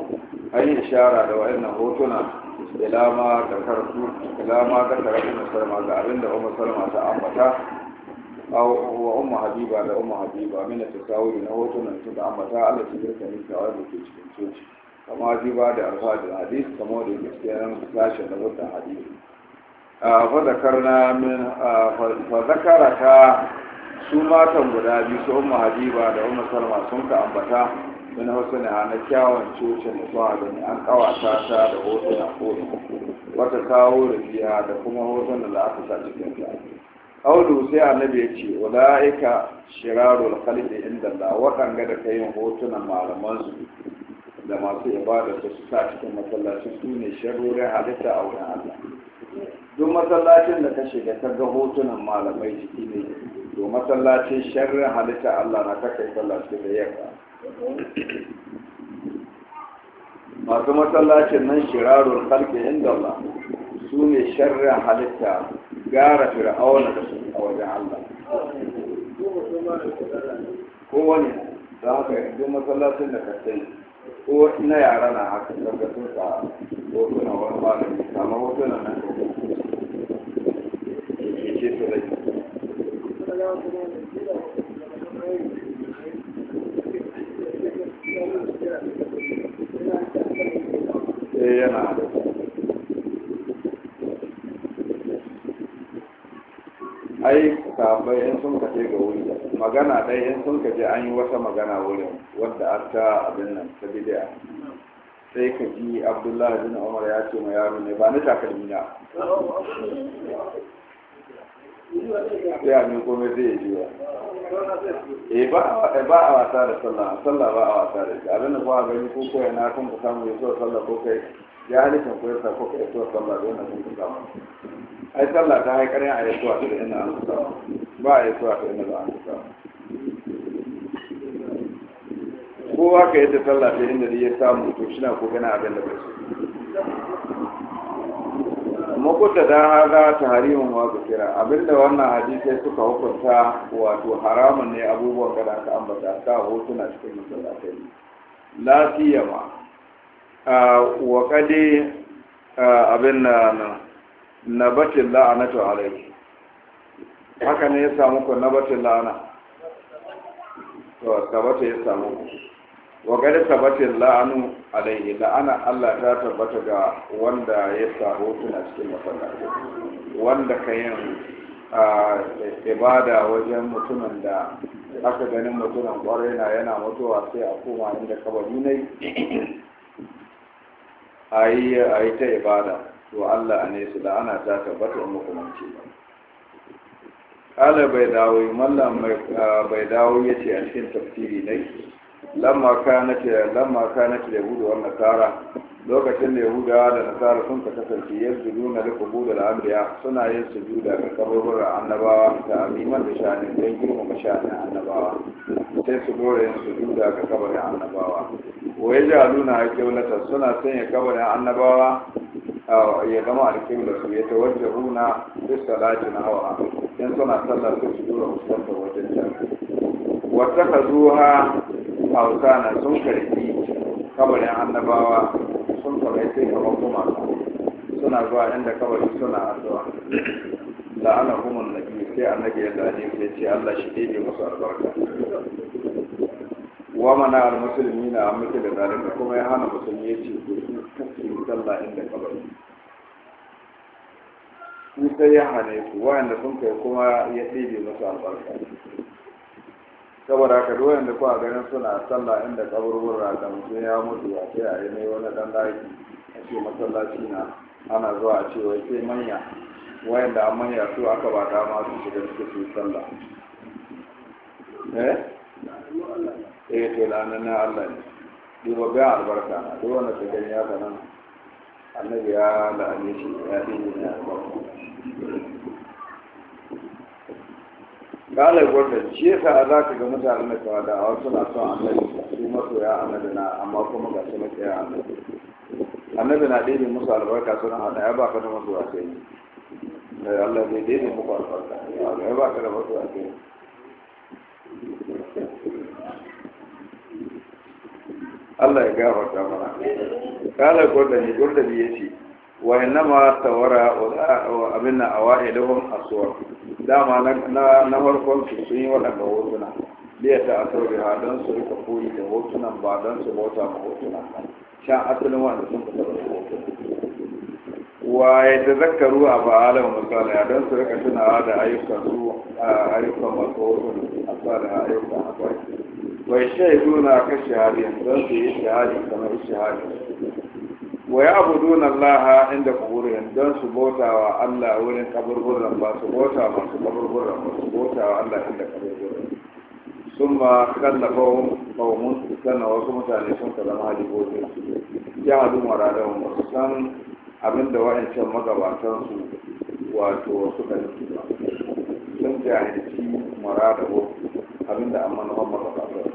an yi ishara da wannan hotuna ilama da karatu ilama da karatu na salma ga abinda umar salma ta ambata wa umma habiba da umma habiba mina yi na hotunan su da ambata Allah ta girka kawai da ke cikin coci kama habiba da alfajin hadis kama da gaskiya nan sashen da wata hadisi na min fadakarata su matan guda biyu su umma habiba da umar salma sun ka ambata wani wasu ne na kyawun cocin zuwa gani an kawata ta da hotuna kone wata kawo rufiya da kuma hoton da aka sa cikin ta audu sai annabi ya ce ula'ika shirarul khalqi inda Allah waɗanga da kayan hotunan malaman su da masu ibada da su sa cikin masallaci su ne sharurin halitta a wurin Allah duk masallacin da ka shiga ta ga hotunan malamai jiki ne to masallacin sharrin halitta Allah na ta kai sallah cikin da masu masallacin nan shirarun halke inda Allah su ne sharrin halitta gara fir'auna da su a wajen Allah kowane ka yi duk masallacin da ka sai ko na yara na haka daga sun sa hotuna wani malami kama hotuna na ke ce su rai Eh, yana ai sahabbai yan sun kaje ga wuri magana ɗaya yan sun kaje an yi wata magana wurin wadda an ta abin nan ta bidiya sai ka ji abdullahi bin umar ya ce ma yaro ne ba ni takalmi na sai ni ne komai zai yi jiwa Eh, eh ba a wasa da sallah sallah ba a wasa da ita abinda ba a gani ko koya na kun ku samu ya zuwa sallah ko kai ya halittar ko yasa ko kai zuwa sallah don na kun ku samu ai sallah ta haikar yin a yi zuwa da inda an ku samu ba a yi a da ina ba an ku samu kowa ka yi sallah ta inda da ya samu to shi na ko gana abin da bai so makuta da haza ta harimin wa kira abinda wannan hadisai suka hukunta wato haramun ne abubuwan kada ka ambata ka hotuna cikin masallatai la siyama wa kade abin na na batin la'anatu alaihi haka ne ya samu ku na la'ana to ka bata ya samu ku wa gari tabbatin la'anu alaihi la'ana Allah ta tabbata ga wanda ya sa suna cikin masallaci wanda ka yin ibada wajen mutumin da aka ganin mutumin kwarai na yana mutuwa sai a koma inda kabari ne a yi ta ibada to Allah ne su la'ana ta tabbata makamanci ba ƙala bai dawo mallam bai dawo ya ce a cikin tafsiri ne lamma kanat lamma kanat yahudu wa nasara lokacin da yahudawa da nasara sun ka kasance nuna li qubul al-anbiya suna yin sujuda ga kaburburan annabawa ta amiman da shani don girmama shani annabawa sai su dora yin sujuda ga kabarin annabawa wa yajaluna alqiblata suna sanya kabarin annabawa ya zama alqibla su ya tawajjahuna bis salati nawa in suna sallar su su dora fuskantar wajen ta wa zuwa. hausana sun karfi kabarin annabawa sun kamar sai kamar kuma suna zuwa inda kabari suna addu'a ana humun nabi sai annabi ya zaje ya ce Allah shi ɗebe musu albarka wa mana al-musulmi na amince da zalunta kuma ya hana musulmi ya ce ku kasance sallah inda kabari in sai ya hane su wa'anda sun kai kuma ya ɗebe musu albarka saboda haka duk wanda kuwa ganin suna sallah inda kaburbura da mutum ya mutu a ce a yi wani dan daki a ce masallaci na ana zuwa a ce wai sai manya wayanda an manya su aka ba ma su shiga suke su sallah eh eh to lana na Allah ne duba ga albarka duk wanda ta gani haka nan annabi ya la'ane shi ya dinga ya galar gwamnati shi yasa a za ka ga mutane na kawai da awa suna son annabi su masoya annabi na amma kuma ga su ya annabi annabi na ɗaya musu albarka suna hada ya ba ka da masoya sai ni da Allah zai ɗaya muku albarka ya ba ka da masoya sai ni Allah ya gafarta mana kalar gwamnati gwamnati ya ce wa innama tawara wa abinna awaidahum aswar dama na na farkon su sun yi wadanda hotuna liya ta asarbi ha don su hotunan ba don su bauta ma shan asalin wanda sun fita da wa ya ta zakaru a ba'alan misali don su rika tunawa da ayyukan su a ayyukan masu hotuna a tsari a ayyukan akwai wai shaidu na kashe hari don su yi shahadi kamar shahadi wa ya abuduna Allah inda kuburin don su bota wa Allah wurin kaburburan ba su bota masu kaburburan ba su bota wa Allah inda kaburburan sun ma kallafa kawun sannan wasu mutane sun ka zama halibobi ya hadu maradan wasu san abin abinda wa'ancan magabatan su wato suka nufi ba sun jahilci amma na an manufan magabatan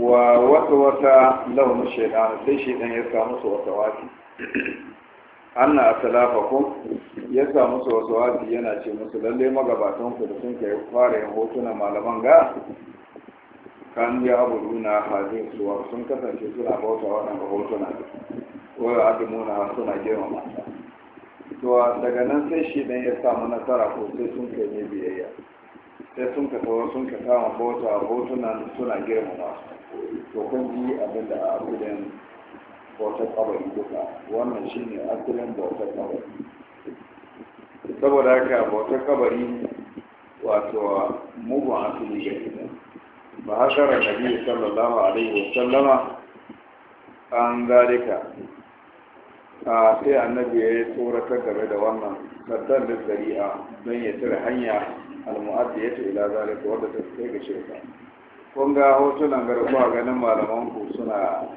wa wata wata lahum shaytan sai shaytan ya samu su wata wati anna asalafakum ya samu su wata wati yana ce musu lalle magabatan ku da sun kai fara yin hotuna malaman ga kan ya abuduna su, wa sun kasance suna bauta waɗanda hotuna wa adumuna suna girmama to daga nan sai shi dan ya samu nasara ko sai sun kai ne biyayya sai sun ka tawo sun ka kama bauta hotunan suna girmama su to kun ji abin da asilin bautar kabari duka wannan shine asilin bautar kabari saboda haka bautar kabari wato mugun asili ga ita ba hashara nabi sallallahu alaihi wa sallama an zalika a sai annabi ya yi tsoratar game da wannan sattar da zari'a don ya tare hanya al-mu'addiyatu ila zalika wadda ta kai ga shirka kun ga hotunan garkuwa ganin malamanku suna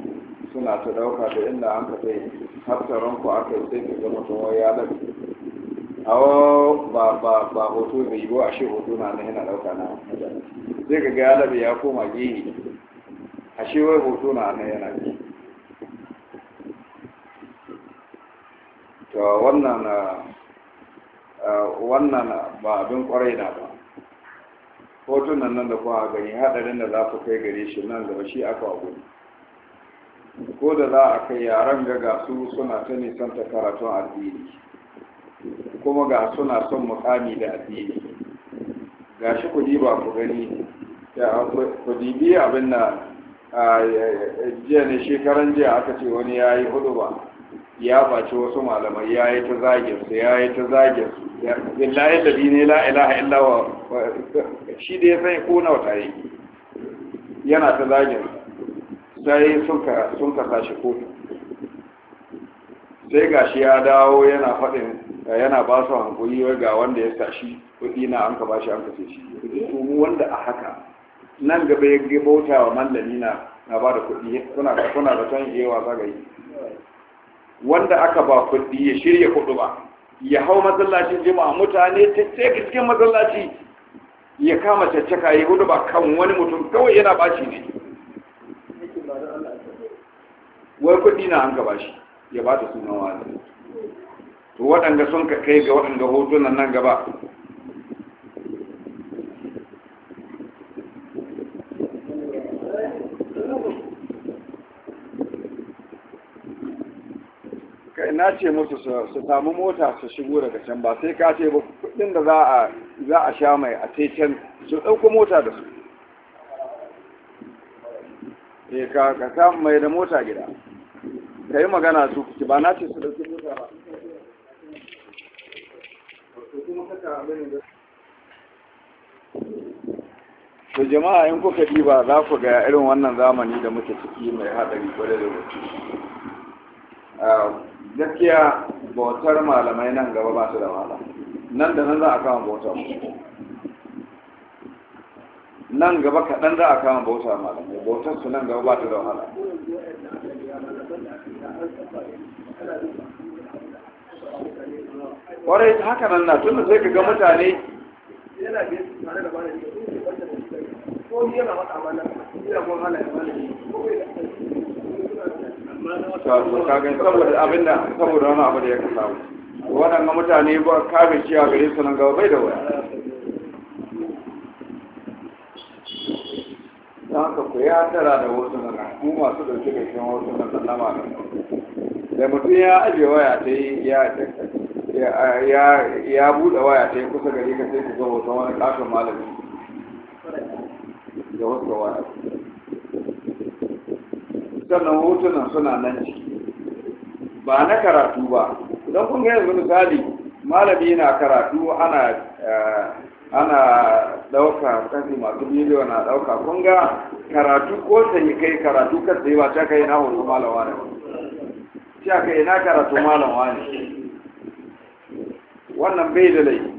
suna ta dauka da inda an ka sai haftaron ku aka sai ka ga mutum wai ya lafi awo ba ba ba hoto bai yi ba a shi hoto na nan yana dauka na sai ka ga ya lafi ya koma gehe a shi wai hoto na nan yana ji. to wannan ah, ah, wannan ba abin kwarai na ba hotunan nan da kuma gani hadarin da za ku kai gare shi nan gaba shi aka gudu ko da za a kai yaran ga gasu suna ta nisan ta karatun addini kuma ga suna son mukami da addini ga shi kudi ba ku gani ku dibi abin na jiya ne shekaran jiya aka ce wani ya yi hudu ba ya baci wasu malamai ya yi ta zagin su ya yi ta zagin su billahi da dine la ilaha illa wa shi da ya sai ko nawa ta yi yana ta zagin sai sun ka sun ka sashi kotu sai gashi ya dawo yana faɗin yana ba su hankuli ga wanda ya sashi kuɗi na an ka bashi an ka ce shi mu wanda a haka nan gaba ya bauta wa mallami na na ba da kuɗi da da son iya wasa ga yi wanda aka ba kuɗi ya shirya kuɗi ba ya hau masallacin jima'a mutane ta tsaka cikin masallaci ya kama caccaka ya hudu ba kan wani mutum kawai yana bashi ne wai kuɗi na an gaba shi ya ba ta sunan wani to waɗanda sun ka kai ga waɗanda hoton nan gaba na ce musu su samu mota su shigo daga can ba sai ka ce ba kudin da za a za a sha mai a teken su dauko mota da su e ka ka samu mai da mota gida ka yi magana su ki ba na ce su ɗauki mota ba to jama'a in kuka diba za ku ga irin wannan zamani da muke ciki mai haɗari kwarai da gaske ah, gaskiya bautar malamai nan gaba ba su da wala, nan da nan za a kama bauta nan gaba kaɗan za a kama bauta malamai bautar su nan gaba ba su da wala. kwarai haka nan na tunda sai ka ga mutane ko yana mata mana yana kuma halaye mana saboda abin da saboda wani abu da ya kasa waɗanda mutane ba kare ciya gare su nan gaba bai da waya haka ya tara da wasu nan ku masu ɗauke da shi wasu nan da da mutum ya ajiye waya ta yi ya buɗe waya ta yi kusa gari ka sai ku zo hoton wani ƙasar malami da wasu waya sannan hotunan suna nan ciki ba na karatu ba don kun yanzu misali malami na karatu ana eh, ana ɗauka kasi masu miliyon na ɗauka kun ga karatu ko sai kai karatu kan sai ba ta kai na hoto malawa ne ta kai na karatu malawa ne wannan bai da laifi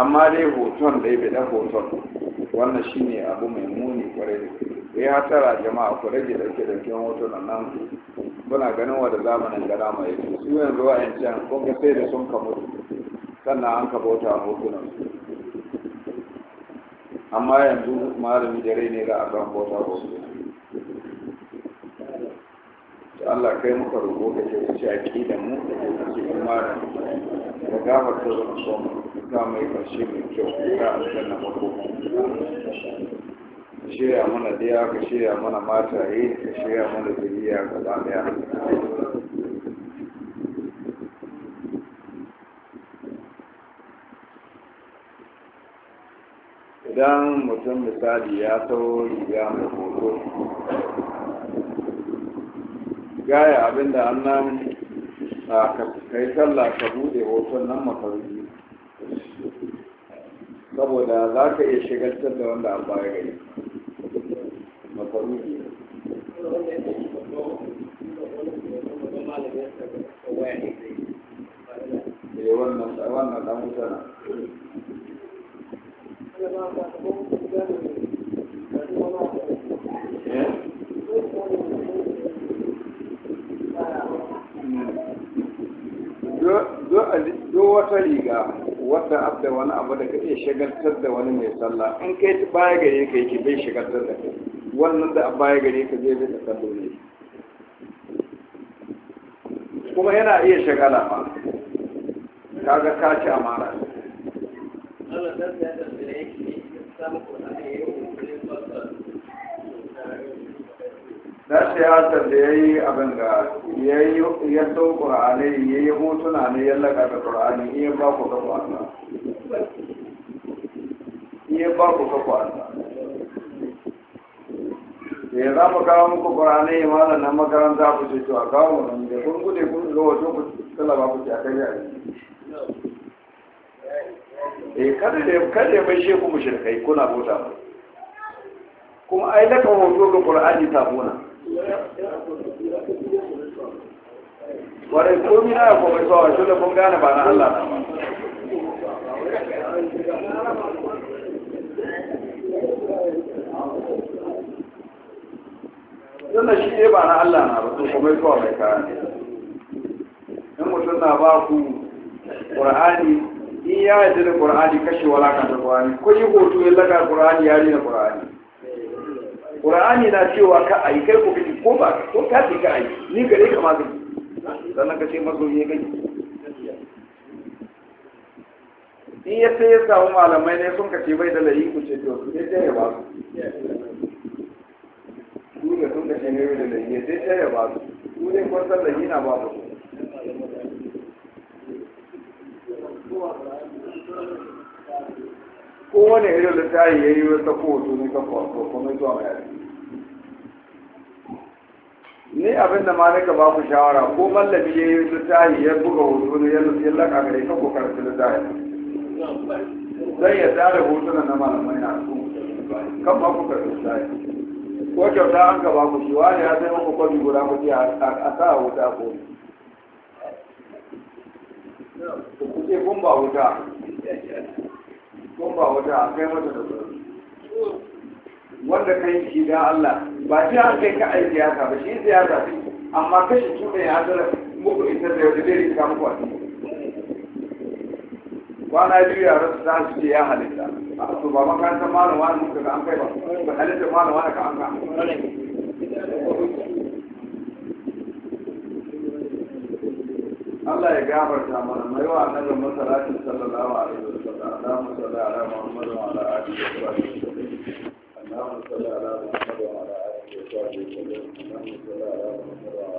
amma dai hoton dai bai da hoton wannan shine abu mai muni kwarai da ya eh, hatara jama'a ku rage dauke dauke hotunan nan muna ganin wanda zamanin gara mai yake su yanzu a can kun ga sai da sun ka mutu sannan an ka bauta hotunan su amma yanzu malami da rai ne za a san bauta hotunan Allah kai muka rubo da ke wuce a ƙidan mu da ke kace imara da gafar ta zama so mu ta mai ƙarshe mai kyau ta aljanna mako ka shirya mana daya ka shirya mana mataye ka shirya mana zuriya ka zamiya idan mutum misali ya taho riga mai hoto gaya abinda nan ka yi sallah ka bude hoton nan mafarki saboda za ka iya shigar da wanda an baya gari makaruhi da wannan do wata riga wata abda wani abu da kake shagaltar da wani mai sallah in kai ta baya gare ka yake bai shagaltar da kai wannan da baya gare ka zai bi sallo ne kuma yana iya shagala ma kaga ka ci amara Allah dan da yake samu ko da dan siyasar da ya yi abin ga ya sau ƙur'ani ya yi hotuna ne ya laka da ƙur'ani iya ba ku ga ƙwasa iya ba ku ga ƙwasa ya za mu kawo muku ƙur'ani ya malar na makaranta ku ce to a kawo mu nan da kun gude kun zo wato ku talaba ku ce a kai yare eh kada da kada ya bashe ku mushrikai kuna bota kuma ai laka hoto ga ƙur'ani ta tabuna warai komi na ya komai sawa shi da kun gane ba na Allah tunda shi ne ba na Allah na ba to komai sawa mai kaya ne in mutum na ba ku ƙur'ani in ya yi da ƙur'ani kashe wala kan ƙur'ani ko yi hoto ya laga ƙur'ani ya rina ƙur'ani ƙura'ani na cewa ka yi kai ko kake ko ba ko ka ce ka yi ni gare ka ma zai sannan ka ce mazo ya gani in ya sai ya samu malamai ne sun kace bai da layi ku ce to sai ta ya ba su ne sun kace ne bai da layi sai ta ya ba su dole kun san layi na ba su kowane ido littafi ya yi wata kowato ne ka farko kuma zuwa mai yare ni abin da ka ba ku shawara ko mallami ya yi littafi ya buga hoto ne ya laka gare ka ko karfi littafi zai ya tare hotunan na malamai na su kan ba ku karfi littafi ko kyauta an ka ba ku shi ne ya sai muku kwabi guda ku a sa wuta ko ku ce kun ba wuta kun ba wata a kai mata da wanda kai shi da Allah ba shi an kai ka ai siyasa ba shi siyasa ce amma kashi tuɗe ya hasara muku ita da yau da zai rika muku a kwana biyu yaran su za su ce ya halitta a su ba makarantar malama ne muka ga an kai ba ba halitta malama ne ka an ka Allah ya gafarta mana mai wa annabi masallacin sallallahu alaihi wasallam da salli ala Muhammad wa ala alihi wa sahbihi Allahumma salli ala Muhammad wa ala alihi wa sahbihi Allahumma salli ala Muhammad wa ala